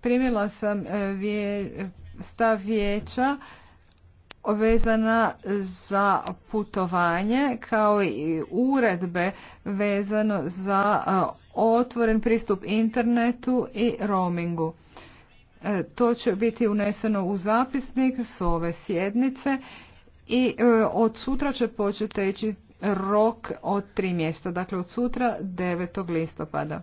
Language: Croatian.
Primjela sam e, stav vijeća vezana za putovanje kao i uredbe vezano za e, otvoren pristup internetu i roamingu. E, to će biti uneseno u zapisnik s ove sjednice i od sutra će početi teći rok od tri mjesta, dakle od sutra 9. listopada.